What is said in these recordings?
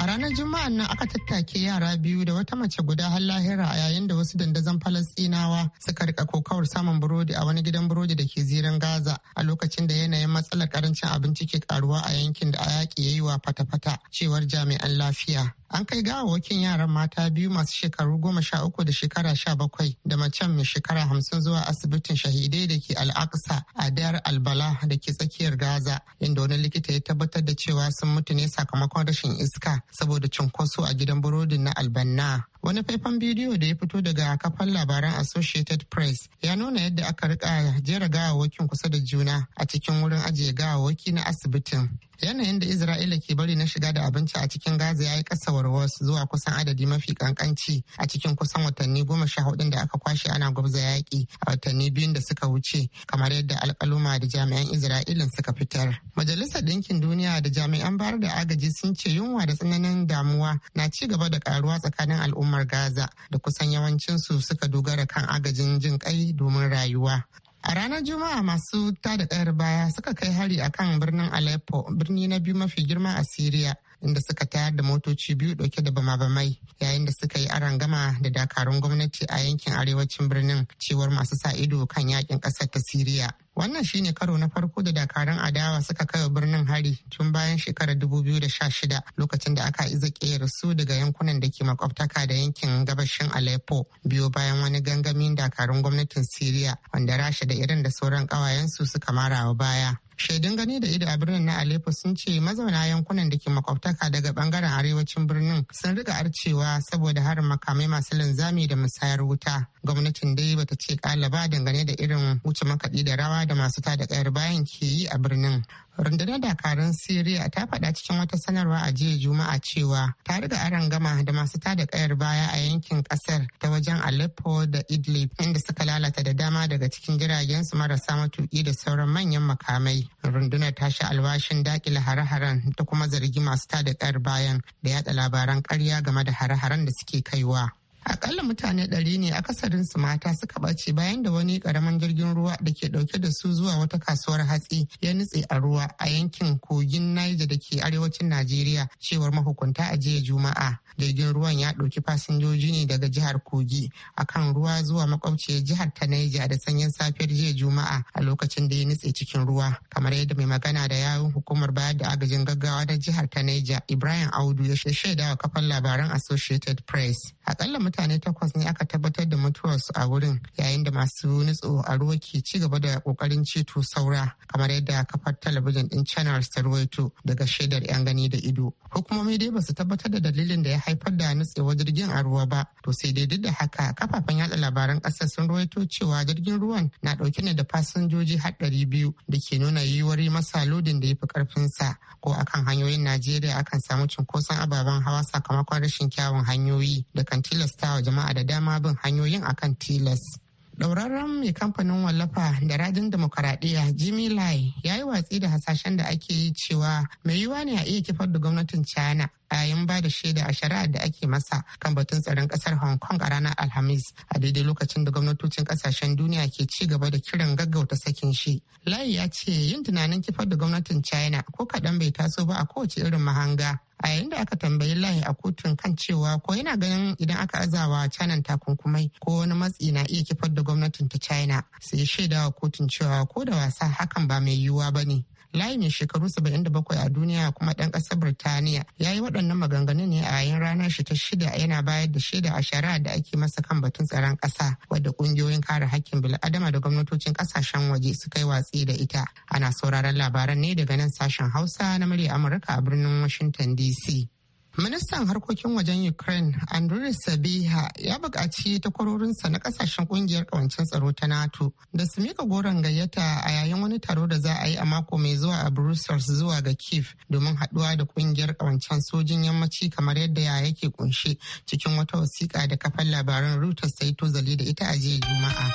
A ranar Juma'an nan aka tattake yara biyu da wata mace guda har lahira a yayin da wasu dandazon Falasɗinawa suka rika kokawar samun burodi a wani gidan burodi da ke zirin Gaza a lokacin da yanayin matsalar karancin abinci ke karuwa a yankin da a yaƙi ya yi wa fata-fata cewar jami'an lafiya. An kai wakin yaran mata biyu masu shekaru goma sha uku da shekara sha bakwai da macen mai shekara hamsin zuwa asibitin shahidai da ke al'aqsa a Dar Albala da ke tsakiyar Gaza inda wani likita ya tabbatar da cewa sun mutu ne sakamakon rashin iska saboda cunkoso a gidan burodin na albanna Wani faifan bidiyo da ya fito daga kafan labaran Associated Press ya nuna yadda aka rika jera gawawakin kusa da juna a cikin wurin ajiye gawawaki na asibitin. Yanayin da Isra'ila ke bari na shiga da abinci a cikin Gaza ya yi ƙasa warwas zuwa kusan adadi mafi kankanci a cikin kusan watanni goma sha hudun da aka kwashe ana gwabza yaƙi a watanni biyun da suka wuce kamar yadda alƙaluma da jami'an Isra'ila suka fitar. Majalisar Ɗinkin Duniya da jami'an bayar da agaji sun ce yunwa da tsananin damuwa na ci gaba da ƙaruwa tsakanin al'umma al'ummar Gaza da kusan yawancinsu suka dogara kan agajin jin kai domin rayuwa. A ranar Juma'a masu tada kayar baya suka kai hari a kan birnin Aleppo, birni na biyu mafi girma a Siriya, inda suka tayar da motoci biyu dauke da bama-bamai yayin da suka yi gama da dakarun gwamnati a yankin arewacin birnin cewar masu sa ido kan yakin kasar ta Siriya. Wannan shi ne karo na farko da dakarun adawa suka kai wa birnin hari tun bayan shekarar 2016 lokacin da aka iza kera su daga yankunan da ke makwabtaka da yankin gabashin Aleppo biyo bayan wani gangamin dakarun gwamnatin Syria wanda Rasha da irin da sauran kawayensu suka mara wa baya. shaidun gani da ido a birnin na Aleppo sun ce mazauna yankunan da ke makwabtaka daga bangaren arewacin birnin sun riga arcewa saboda harin makamai masu linzami da musayar wuta. Gwamnatin dai bata ce kalaba dangane da irin wuce makaɗi da rawa da masu tada kayar bayan ke yi a birnin rundunar dakarun siriya ta faɗa cikin wata sanarwa a jiya juma'a cewa ta riga aron gama da masu tada kayar baya a yankin ƙasar ta wajen aleppo da idlib inda suka lalata da dama daga cikin jiragen su marasa matuƙi da sauran manyan makamai rundunar ta sha alwashin dakile hare-haren ta kuma zargi masu tada kayar bayan da yada labaran ƙarya game da hare-haren da suke kaiwa akalla mutane ɗari ne akasarin su mata suka ɓace bayan da wani ƙaramin jirgin ruwa da ke ɗauke da su zuwa wata kasuwar hatsi ya nutse a ruwa a yankin kogin Niger da ke arewacin Najeriya cewar mahukunta a jiya Juma'a. Jirgin ruwan ya ɗauki fasinjoji ne daga jihar Kogi akan ruwa zuwa makwabciyar jihar ta naija da sanyin safiyar jiya Juma'a a lokacin da ya nutse cikin ruwa kamar yadda mai magana da yawun hukumar bayar da agajin gaggawa na jihar ta naija Ibrahim Audu ya shaidawa kafan labaran Associated Press. akalla mutane takwas ne aka tabbatar da mutuwarsu a wurin yayin da masu nutso a ruwa ke ci gaba da kokarin ceto saura kamar yadda kafar talabijin din channel ta ruwaito daga shaidar yan gani da ido hukumomi dai basu tabbatar da dalilin da ya haifar da nutsewar jirgin a ruwa ba to sai dai duk da haka kafafen yada labaran kasar sun ruwaito cewa jirgin ruwan na dauke ne da fasinjoji har ɗari biyu da ke nuna yiwuwar masa lodin da ya fi karfinsa ko akan hanyoyin najeriya akan samu cunkoson ababen hawa sakamakon rashin kyawun hanyoyi da kan akan tilastawa jama'a da dama bin hanyoyin akan tilas. Ɗaurarren mai kamfanin wallafa da rajin demokaradiyya Jimmy Lai ya yi watsi da hasashen da ake yi cewa mai yiwuwa ne a iya kifar da gwamnatin China a yayin ba da shaida a shari'ar da ake masa kan batun tsaron kasar Hong Kong a ranar Alhamis a daidai lokacin da gwamnatocin kasashen duniya ke ci gaba da kiran gaggauta sakin shi. Layi ya ce yin tunanin kifar da gwamnatin China ko kaɗan bai taso ba a kowace irin mahanga. a yayin da aka tambayi layi a kotun kan cewa ko yana ganin idan aka azawa canan takunkumai ko wani matsi na iya kifar da gwamnatin ta china sai shaidawa kotun cewa ko da wasa hakan ba mai yiwuwa ba ne layi mai shekaru 77 a duniya kuma ɗan ƙasar birtaniya ya yi waɗannan maganganu ne a yayin ranar shi ta shida yana bayar da shaida a shari'a da ake masa kan batun tsaron ƙasa wadda ƙungiyoyin kare hakkin bil'adama da gwamnatocin ƙasashen waje suka yi watsi da ita ana sauraron labaran ne daga nan sashen hausa na murya amurka a birnin washington dc Ministan harkokin wajen Ukraine, Andriy Sabiha, ya buƙaci takwarorinsa na ƙasashen ƙungiyar ƙawancin tsaro ta NATO da su mika goron gayyata a yayin wani taro da za a yi a mako mai zuwa a Brussels zuwa ga Kiev domin haɗuwa da ƙungiyar ƙawancen sojin yammaci kamar yadda ya yake kunshe cikin wata wasiƙa da kafar labaran Reuters ta yi tozali da ita a jiya Juma'a.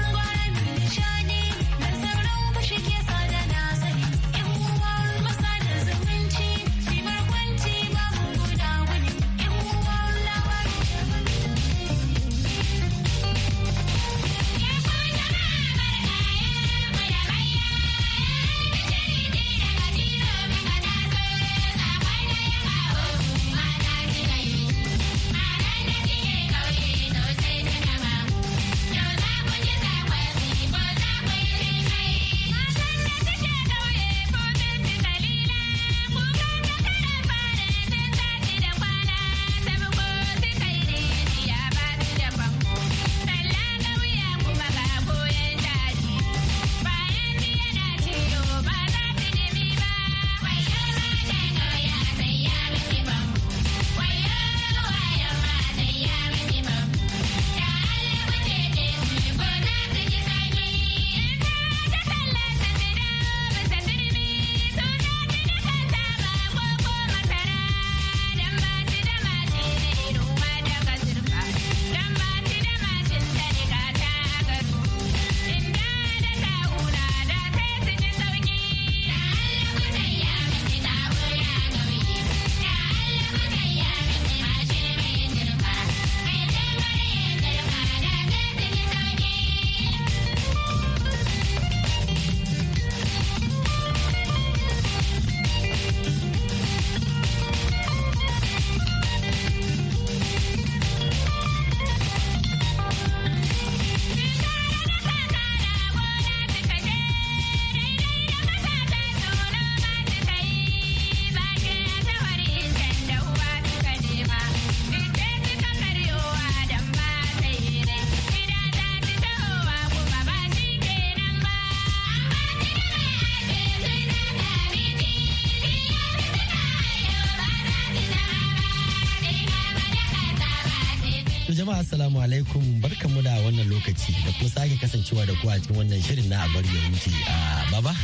To jama'a assalamu alaikum barkamu da wannan lokaci da kuma sake kasancewa da ku a cikin wannan shirin na abar ya wuce a ah, baba.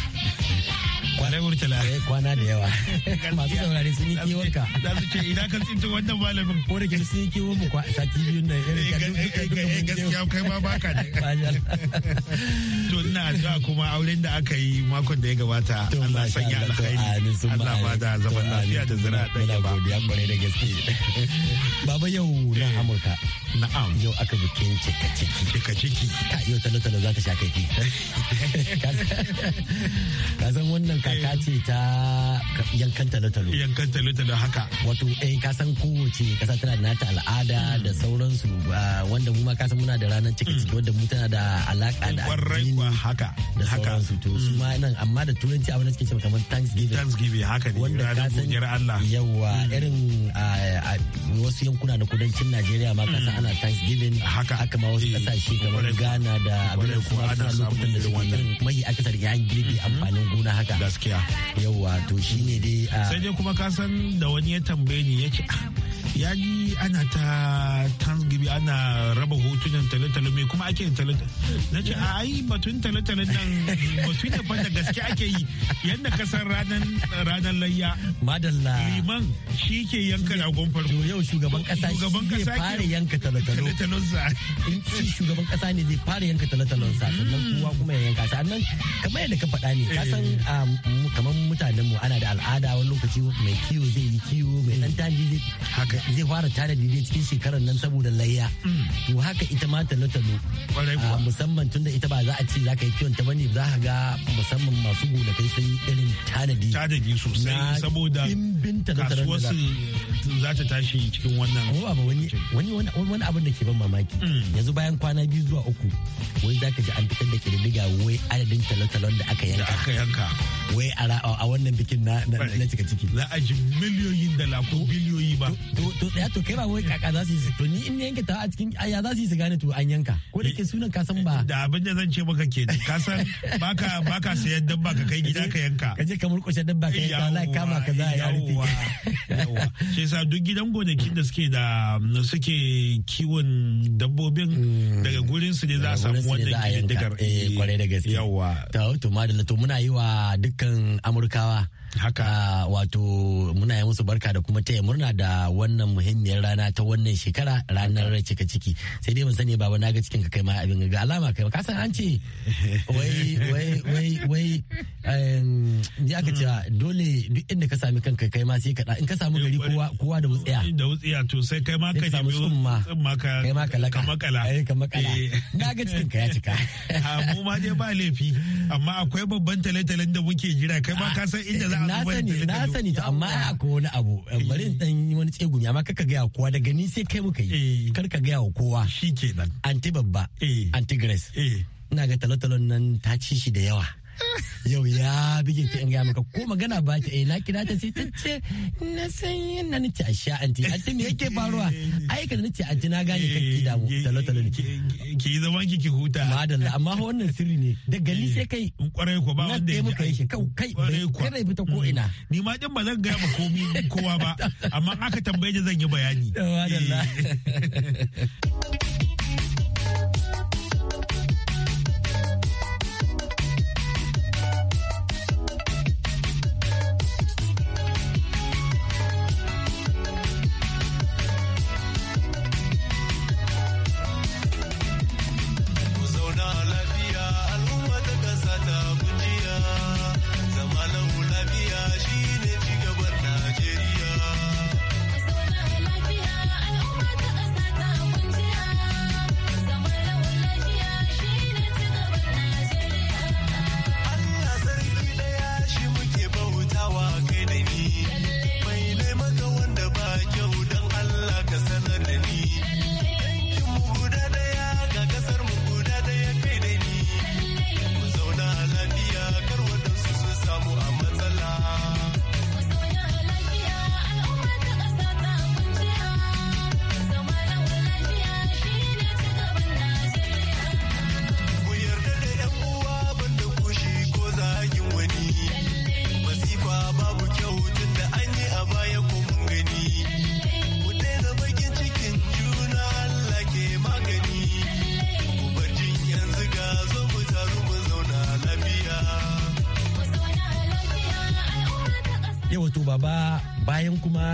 kwarai eh kwana da yawa masu saurare sun yi kiwon ka za su ce idan ka tsinci wannan malamin ko da ke sun yi kiwon mu kwa sati biyu na irin gaskiya kai ma baka ne to ina addu'a kuma auren da aka yi makon da ya gabata Allah sanya alkhairi Allah ba da zaman lafiya da zira da ba godiya kwarai da gaske baba yau na eh, Amurka na'am yau aka bikin cika ciki cika ciki yau talo za ta sha kai ka san wannan kaka ce ta yankan talotalo. Yankan talo haka. Wato eh ka san kowace kasa tana da nata al'ada hmm. da sauransu wanda mu ma ka san muna da ranar ciki ciki hmm. wanda mu tana da alaka da addini haka da sauransu to su ma hmm. nan amma da turanci abin da suke cewa kamar Thanksgiving. Thanksgiving haka ne. Wanda ka san Allah. Yawwa irin wasu yankuna na kudancin Najeriya ma ka san ana Thanksgiving. Haka. Haka ma wasu kasashe eh, kamar Ghana da abin da kuma ana lokutan da suke irin mai akasar yayin girbi amfanin gona haka. gaskiya yauwa to shine dai ah. sai dai kuma ka san da wani ya tambaye ni yake ya yi ana ta thanksgiving ana raba hotunan tale mai kuma ake tale na ce a yi batun tale nan batun da da gaske ake yi yadda kasar ranar ranar layya madalla liman shi ke yanka ragon farko yau shugaban kasa shugaban kasa ke fara yanka tale sa in shugaban kasa ne zai fara yanka tale sa sannan mm. kowa kuma ya yanka sannan kamar yadda ka faɗa ne ka san eh. ah, kamar mutanen mu ana da al'ada wani lokaci mai kiwo zai yi kiwo mai ɗan tanji zai haka zai fara tanadi dai cikin shekarar nan saboda layya to haka ita ma talo-talo ah, musamman tunda ita ba za a ce za ka yi kiwon ta bane za ka ga musamman masu kai sun yi irin tanadi tanadi sosai saboda kasuwar za ta tashi cikin wannan wani wani abin da ke ban mamaki mm. yanzu bayan kwana biyu zuwa uku wai za ka ji an fitar da kididdiga wai adadin talo-talon da aka yanka aka yanka wai a wannan bikin na cika ciki za a ji miliyoyin dala ko biliyoyi ba to tsaya to kai ba wai kaka za su yi to ni in yanke ta a cikin ya za su yi su gane to an yanka ko da ke sunan ka san ba da abin da zan ce maka ke ka san baka baka sayan dabba baka kai gida ka yanka kaje ka murƙushe dabba baka yanka Allah kama ka za ya rufe shi yasa duk gidan gonakin da suke da suke kiwon dabbobin hmm. daga gurin su ne za a samu wannan kididdigar eh kwarai da gaske yawa to to madalla to muna yi wa dukkan amurkawa haka wato muna yi musu barka da kuma taya murna da wannan muhimmiyar rana ta wannan shekara ranar cika ciki sai dai mun sani baba na ga cikin ka kai ma abin ga alama kai ka san an ce wai wai wai wai ni aka cewa dole duk inda ka sami kanka kai ma sai ka in ka samu gari kowa kowa da wutsiya da wutsiya to sai kai ma ka samu tsumma kai ma ka laka makala ka makala eh, eh. na ga cikin ka ya cika ah, mu ma dai ba laifi amma akwai babban tale da muke jira kai ma ka san inda za a na sani na sani to amma ai akwai wani abu eh, bari in dan wani tsegumi amma kaka gaya kowa daga ni sai kai muka yi eh. kar ka gaya wa kowa shikenan anti babba eh. anti grace ina ga talotalon nan ta ci shi da yawa yau ya bige ta in gaya maka ko magana ba ta eh na kira ta sai ta ce na san yana nace a sha anti anti me yake faruwa ai ka nace anti na gane kan ki damu talo talo ne ki yi zaman ki ki huta madalla amma wannan sirri ne da gali eh. sai kai kwarai ko ba wanda ya muka yi shi kai kai kai fita ko ina mm. ni ma din ba zan gaya ma komi kowa ba amma aka tambaye zan yi bayani madalla eh.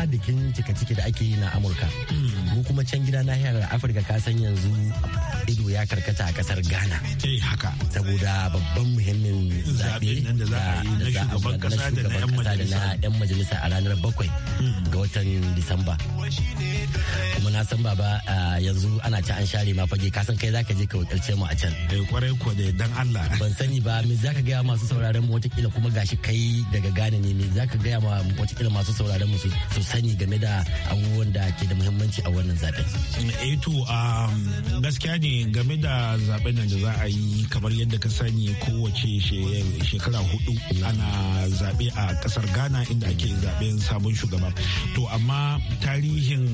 ma bikin cika ciki da ake yi na amurka mu kuma can gida nahiyar afirka ka san yanzu ido ya karkata a kasar ghana eh, haka saboda babban muhimmin zaɓe da shugaban kasa da na 'yan majalisa a ranar bakwai hmm. ga watan disamba kuma na san baba yanzu ana ci an share ma fage kasan kai zaka je ka wakilce mu a can eh kwarai ko da dan Allah ban sani ba me zaka ga masu sauraron mu kuma gashi kai daga gane ne me zaka ga ma kila masu sauraron mu su sani game da abubuwan da ke da muhimmanci a wannan zaben eh to um, gaskiya ne game da zaben nan da za a yi kamar yadda ka sani kowace shekara hudu ana zabe a kasar Ghana inda ake zaben sabon shugaba to amma tarihin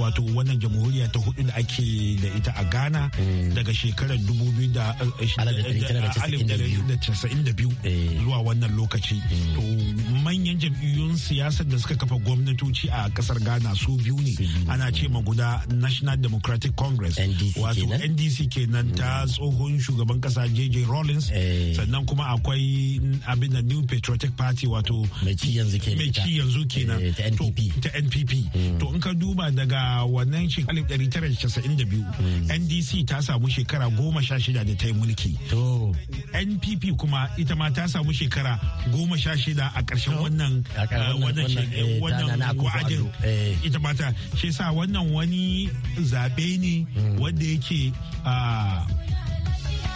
wa wato wannan jamhuriya ta hudu da ake da ita a Ghana mm. daga shekarar 1992 zuwa wannan lokaci. Mm. To manyan jam'iyyun siyasar da suka kafa gwamnatoci a kasar Ghana su biyu ne ana ce maguda guda National Democratic Congress wato NDC kenan ta mm. tsohon shugaban kasa JJ Rawlings eh. sannan kuma akwai abin da New Patriotic Party wato mai ci yanzu kenan eh, ta NPP to in ka duba daga wannan shekarar 1992 hmm. ndc ta samu shekara goma sha shida da ta yi mulki npp kuma ita ma ta samu shekara goma sha shida a ƙarshen wannan wa'adin eh. ita ma ta shi sa wannan wani zaɓe ne hmm. wanda yake uh,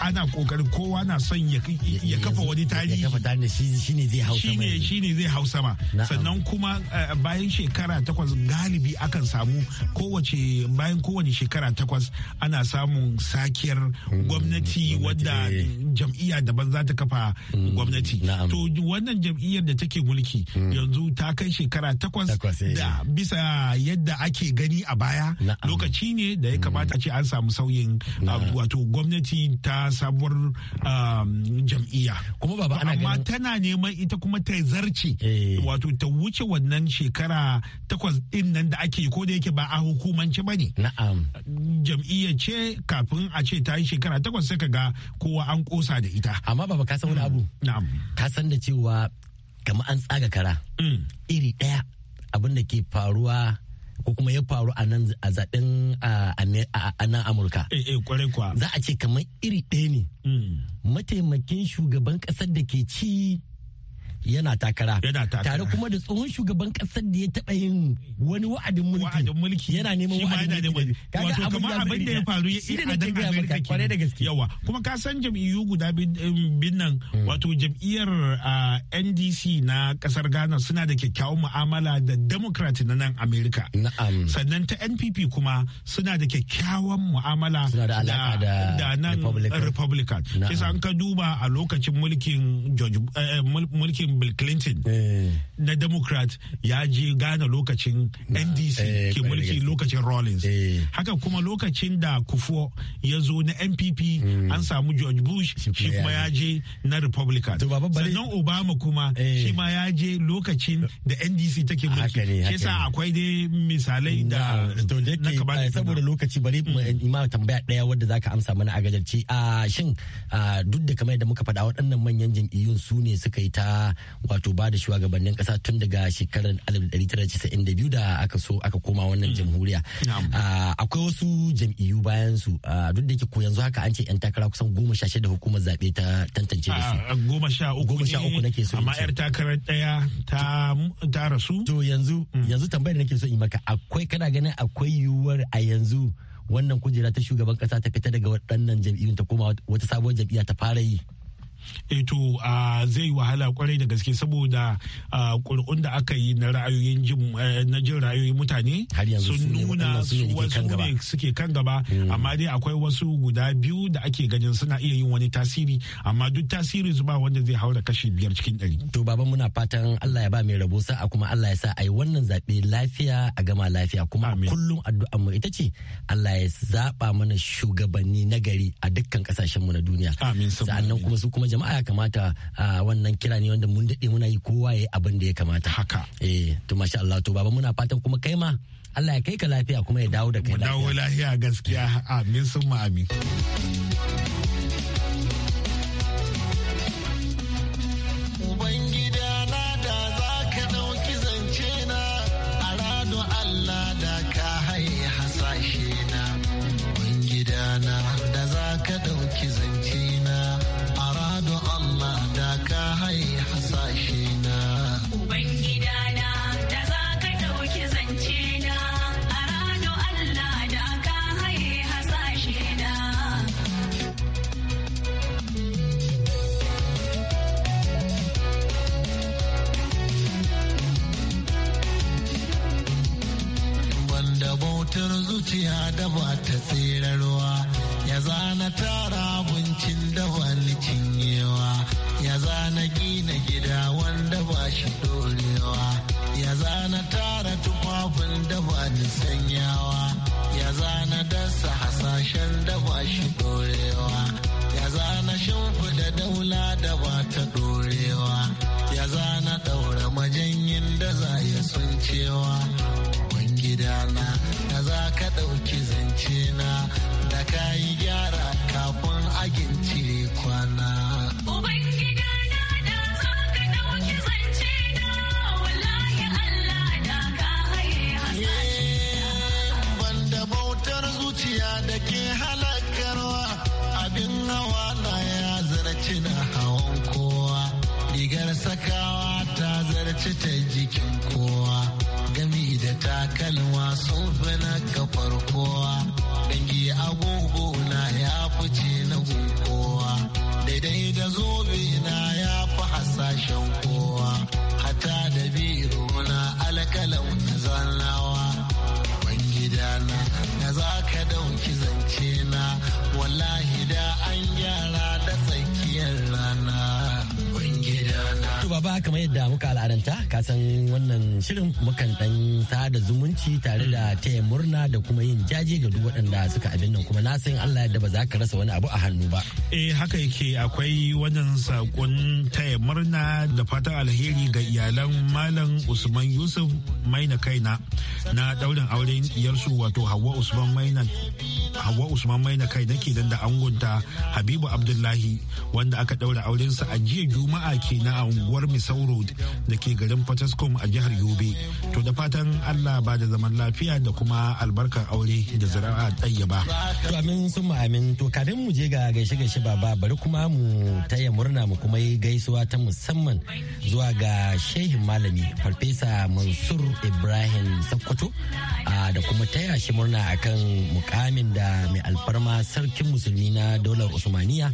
ana kokarin kowa na son ya kafa wani tarihi ya kafa zai hausa ma sannan kuma eh, bayan shekara takwas galibi akan samu kowace bayan kowane shekara takwas ana samun sakiyar hmm, gwamnati wadda eh. jam'iyya daban za ta kafa hmm, gwamnati to wannan jam'iyyar da take mulki hmm. yanzu ta kai shekara takwas eh. da bisa yadda ake gani a baya lokaci ne da ya kamata ce an samu sauyin wato gwamnati ta sabuwar um, jam'iyya kuma ba ana amma tana neman ita kuma ta zarce eh. wato ta wuce wannan shekara takwas din nan da ake ko da yake ba a hukumance ba ne na'am jam'iyya ce kafin a ce ta yi shekara takwas sai ka ga kowa an kosa da ita amma ba ka san wani abu mm. na'am ka san da cewa kamar an tsaga kara mm. iri ɗaya abin da ke faruwa ko kuma ya faru a nan a zaben a nan amurka eh, eh, za a ce kamar iri ɗaya ne hmm. mataimakin shugaban ƙasar da ke ci yana takara tare kuma da tsohon shugaban kasar da ya taɓa yin wani wa'adin mulki yana neman wa'adin mulki wato kamar abin da ya faru ya yi a dan Amerika kwarai da gaske yawa kuma ka san jam'iyyu guda bin nan hmm. wato jam'iyyar NDC na kasar Ghana suna da kyakkyawan mu'amala da Democrat na nan Amerika sannan ta NPP kuma suna da kyakkyawan mu'amala da nan Republican Kisa an ka duba a lokacin mulkin eh, eh, mulkin bill clinton eh. na democrat ya je ghana lokacin ndc eh, ke mulki lokacin rawlings eh. haka kuma lokacin da kufuor ya zo na npp hmm. an samu george bush shi kuma ya je na republican sannan obama kuma shi ma ya je lokacin da ndc take mulki shi sa akwai dai misalai da na kaba saboda lokaci bari hmm. ma tambaya daya wadda zaka amsa mana a gajarci ah, shin ah, duk da kamar da muka faɗa waɗannan manyan jam'iyyun su ne suka yi ta wato ba da shugabannin kasa tun daga shekarar 1992 da aka so aka koma wannan mm. jamhuriya ah, akwai wasu jam'iyyu bayan su ah, duk da yake ko yanzu haka an ce yan takara kusan goma sha shida hukumar zaɓe ta tantance da su ah, goma sha uku goma sha uku nake so amma yar takarar ɗaya ta ta rasu to yanzu mm. yanzu tambayar nake so in maka akwai kana ganin akwai yiwuwar a yanzu wannan kujera ta shugaban kasa ta fita daga waɗannan jam'iyyun ta koma wata sabuwar jam'iyya ta fara yi Eh, to zai wahala kwarai da gaske saboda ƙuri'un da aka yi na ra'ayoyin jin eh, na jin ra'ayoyin mutane sun nuna wasu ne suke kan gaba hmm. amma dai akwai wasu guda biyu da ake ganin suna iya yin wani tasiri amma duk tasiri su ba wanda zai haura kashi biyar cikin ɗari. to baban muna fatan Allah ya ba mai rabo sa'a kuma Allah ya sa a yi wannan zaɓe lafiya a gama lafiya kuma kullum addu'a mu ita ce Allah ya zaɓa mana shugabanni na gari a dukkan kasashen na duniya. Amin. Sa'annan kuma su kuma jama'a ya kamata a wannan kira ne wanda mun daɗe muna yi kowa ya abin da ya kamata haka eh to masha Allah to baba muna fatan kuma kai ma Allah ya kai ka lafiya kuma ya dawo da kai lafiya mu dawo lafiya gaskiya amin sun amin Bueno. mukan dan sada zumunci tare da hmm. taya murna da kuma yin jaje ga duk waɗanda suka abin nan kuma na san Allah yadda ba za ka rasa wani abu a hannu ba. Eh haka yake akwai wannan sakon taya murna da fatan alheri ga iyalan Malam Usman Yusuf Maina Kaina na daurin auren diyarsu wato Hauwa Usman Maina Hauwa Usman na kai nake dan da angonta Habibu Abdullahi wanda aka daura aurensa a jiya Juma'a ke na a unguwar Misau Road da ke garin Fataskum a jihar Yobe. To da fatan Allah ba da zaman lafiya da kuma albarkar aure da zira'a ba. To amin sun mu amin to kafin mu je ga gaishe gaishe baba bari kuma mu taya murna mu kuma yi gaisuwa ta musamman zuwa ga shehin malami Farfesa Mansur Ibrahim Sakkwato da kuma taya shi murna akan mukamin da mai alfarma sarkin musulmi na daular usmaniya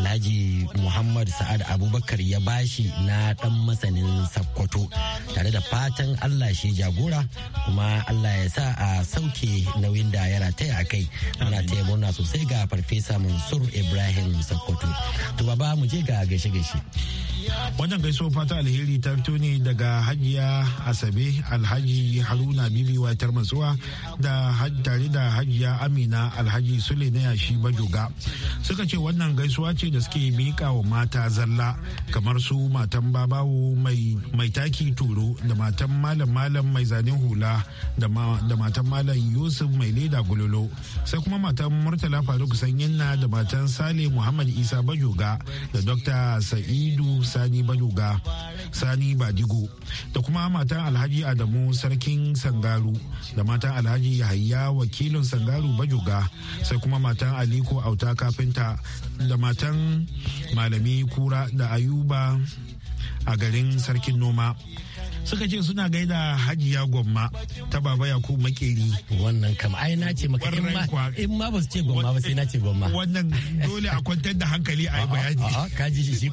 alhaji muhammad sa'ad abubakar ya bashi na dan masanin sakkwato tare da fatan allah shi jagora kuma allah ya sa a sauke nauyin da ya rataya a kai muna taya murna sosai ga farfesa mansur ibrahim sakkwato to baba mu je ga gaishe gaishe wannan gaisuwa fata alheri ta fito ne daga hajiya asabe alhaji haruna bibi watar matsuwa da tare da hajiya amina alhaji sule na yashi bajoga suka ce wannan gaisuwa ce da suke mika wa mata zalla kamar su matan babawo mai taki turo da matan malam malam mai zanen hula da matan malam yusuf mai leda gulolo sai kuma matan murtala faruk sanyinna da matan sale muhammad isa bajoga da dr sa'idu sani bajoga sani badigo da kuma matan alhaji adamu sarkin sangaru da matan alhaji yahaya wakilin sangaru bajoga sai kuma matan aliko auta kafinta da matan gidan malami kura da ayuba a garin sarkin noma suka ce suna gaida hajiya gwamma ta baba yakubu makeri wannan kama ai na ce maka in ma ba su ce gwamma ba sai na ce gwamma wannan dole a kwantar da hankali a yi bayani ka ji shi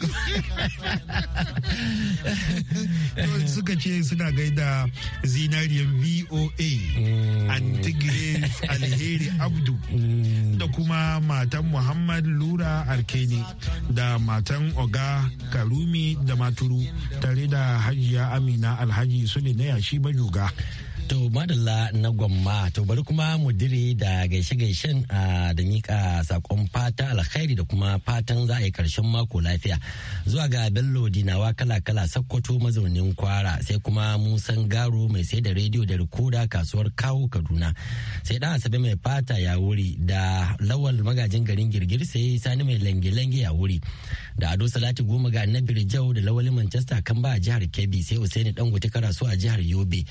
suka ce suna gaida zinariyar voa mm. Grace alheri abdu mm. da kuma matan muhammad lura arkeni da matan oga karumi da maturu tare da hajiya amina alhaji sule na yashi majuga To madalla na gwamma to bari kuma mudiri da gaishe-gaishen da mika sakon fata alkhairi da kuma fatan za a yi karshen mako lafiya zuwa ga bello dinawa kala-kala sakkwato mazaunin kwara sai kuma musan garo mai sai da rediyo da rikoda kasuwar kawo kaduna sai dan asabe mai fata ya wuri da lawal magajin garin girgir sai sani mai lange-lange ya wuri da ado salati goma ga na rijau da lawali manchester kan ba a jihar kebbi sai usaini dangote karasu a jihar yobe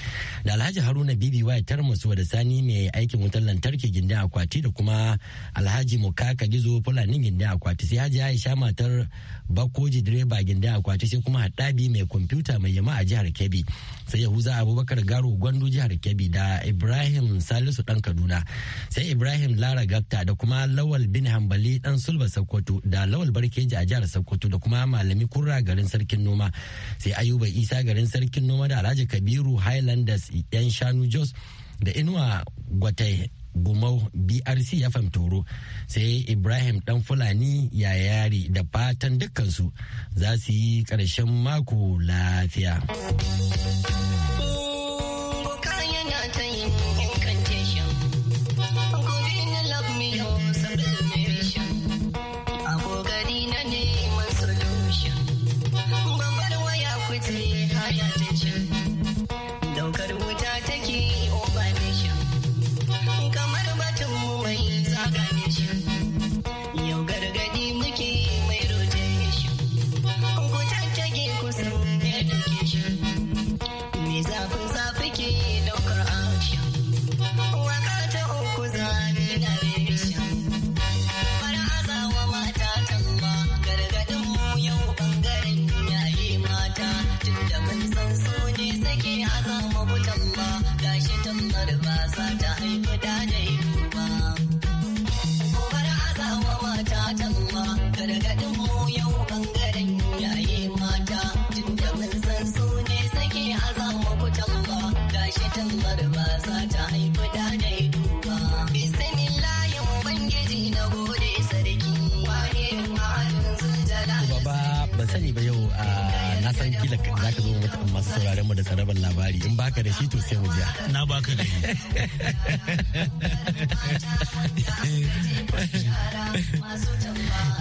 da alhaji haruna bibi wa tarmus da sani mai aikin wutar lantarki gindin akwati da kuma alhaji mukaka gizo fulani gindin akwati sai haji aisha matar bakoji direba gindin akwati sai kuma haɗabi mai kwamfuta mai yama a jihar kebbi sai yahuza abubakar garo gwandu jihar kebbi da ibrahim salisu dan kaduna sai ibrahim lara Gakta da kuma lawal bin hambali dan sulba sokoto da lawal barkeji a jihar sokoto da kuma malami kurra garin sarkin noma sai ayuba isa garin sarkin noma da alhaji kabiru highlanders yan shanu jos da inuwa gwatai gumau brc ya toro sai ibrahim dan fulani ya yari da fatan dukkansu za su yi ƙarshen mako lafiya. na Baba ban sani ba yau na san zo masu sauraron mu da tsaraban labari in baka sai mu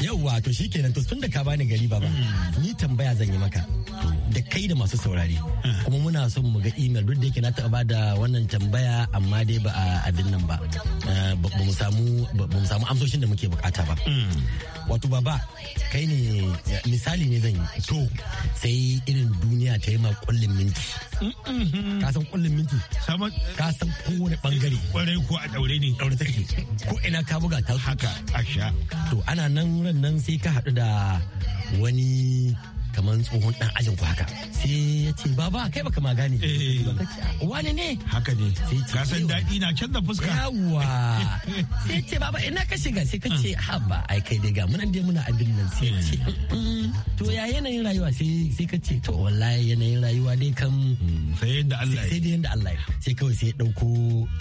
Yauwa to shi kenan to tun da ka bani gari baba ni tambaya zan yi maka. da kai da masu saurari kuma muna son mu ga email duk da yake na taɓa da wannan tambaya amma dai ba a abin nan ba eh, ba mu samu amsoshin da muke bukata ba wato baba kai ne misali ne zan yi to sai irin duniya ta yi ma kullin minti ka san kullin minti ka san kowane bangare kwarai ko a daure ne daure take ko ina ka buga ta haka asha to ana nan ran nan sai ka haɗu da wani kamar tsohon dan ajin ku haka sai ya ce baba kai baka ma gane eh. wani ne haka ne ka san daɗi na canza fuska yawa sai ce baba ina ka shiga sai ka ce hmm. ba ai kai dai ga munan dai muna abin nan sai ce hmm. mm, mm. to ya yanayin rayuwa sai sai ka ce to wallahi yanayin rayuwa dai kan hmm. sai yadda Allah sai dai yadda Allah sai kawai sai dauko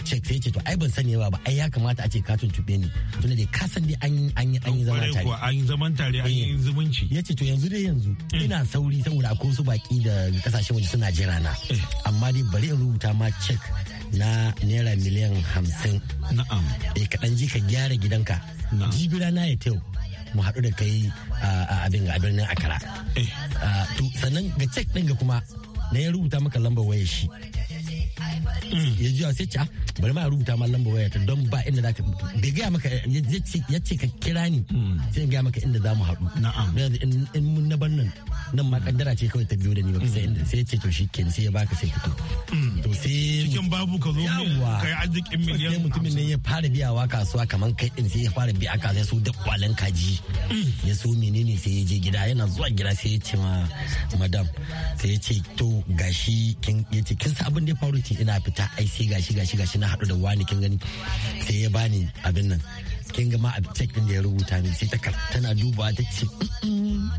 check sai ce to ai ban sani ba ai ya kamata a ce ka tuntube ni tunda dai ka san dai an yi an yi zaman tare an yi zaman tare an yi eh. zumunci yace to yanzu dai yanzu ina sauri saboda akwai su baki da kasashen waje suna jira na eh. amma dai bari in rubuta ma cek na naira miliyan hamsin na'am e kaɗan ji ka gyara gidanka jibira na ya tew mu haɗu da kai a abin ga a birnin akara eh. ah, to sannan ga cek ɗin ga kuma na ya rubuta maka lambar waya shi ya ji sai ce ah, bari ma rubuta ma lamba waya ta don ba inda za mutu bai gaya maka ya ce ka kira ni sai in gaya maka inda za mu haɗu in mun na bannan nan ma kaddara ce kawai ta biyo da ni ba sai inda sai ya ce to shi kenan sai ya baka sai ka to sai cikin babu ka zo kai arzikin miliyan sai mutumin ne ya fara biyawa kasuwa kamar kai din sai ya fara biya ka sai su da kwalan kaji ya so menene sai ya je gida yana zuwa gida sai ya ce ma madam sai ya ce to gashi kin ce kin san abin da ya faru titi ina fita ai sai gashi gashi gashi na hadu da wani kin gani sai ya bani abin nan kin ga ma a check din da ya rubuta min sai ta tana dubawa ta ce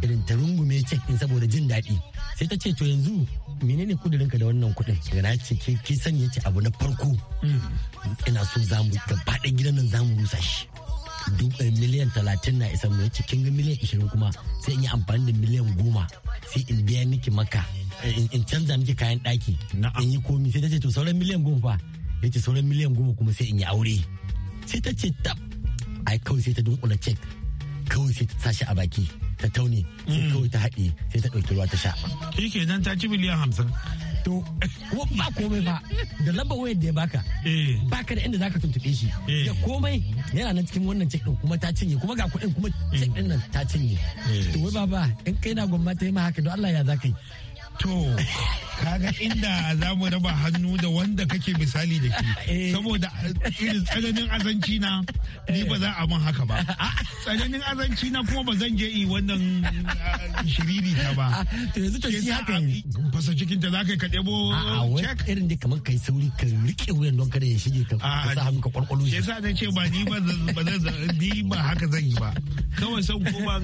irin ta rungume check din saboda jin daɗi sai ta ce to yanzu menene ka da wannan kudin daga na ce ki sani yace abu na farko mm. ina so zamu gaba da gidan nan zamu rusa shi eh, miliyan talatin na isa mu yace kin ga miliyan ishirin kuma sai in yi amfani da miliyan goma sai in biya miki maka Eh, in canza miki kayan ɗaki in yi komi sai ta ce to sauran miliyan goma fa ya ce sauran miliyan goma kuma sai in yi aure sai ta ce tab ai kawai sai ta dunkula cek kawai sai ta tashi a baki ta taune sai mm. kawai ta haɗe sai ta ɗauki ruwa ta sha. shi ke nan ta ci miliyan hamsin. to ba komai ba da lambar wayar da ya baka eh. baka da inda zaka tuntuɓe shi eh. da komai yana nan cikin wannan cek din kuma ta cinye kuma ga kuɗin kuma cek din nan ta cinye to wai baba in kai na gwamnati ta ma haka don Allah ya zaka yi To. kaga inda za mu raba hannu da wanda kake misali da ke saboda tsananin azanci na ni ba za a mun haka ba tsananin azanci na kuma ba zan je yi wannan shiriri ta ba to yanzu to shi haka fasa cikin ta zaka ka debo check irin da kamar kai sauri ka rike wuyan don kada ya shige ka sa hannu ka kwalkwalo shi yasa na ce ba ni ba zan ni ba haka zan yi ba kawai san kuma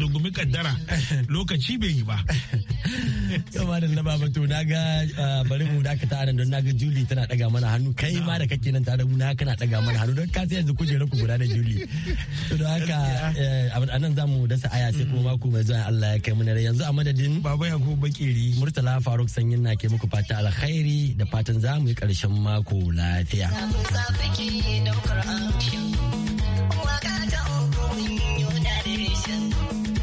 rungumi kaddara lokaci bai yi ba Yawa da na ba to naga ah, bari mu ta nan don naga Julie tana daga mana hannu kai ma da kake nan tare mu na kana daga mana hannu don ka sai yanzu kujera ku guda da Julie. To haka eh, a nan zamu dasa aya sai kuma mako mai zuwa Allah ya kai mu rai yanzu a madadin Baba Yakubu Bakiri Murtala Faruk Sanyin na ke muku fata alkhairi da fatan zamu yi karshen mako lafiya. Thank you.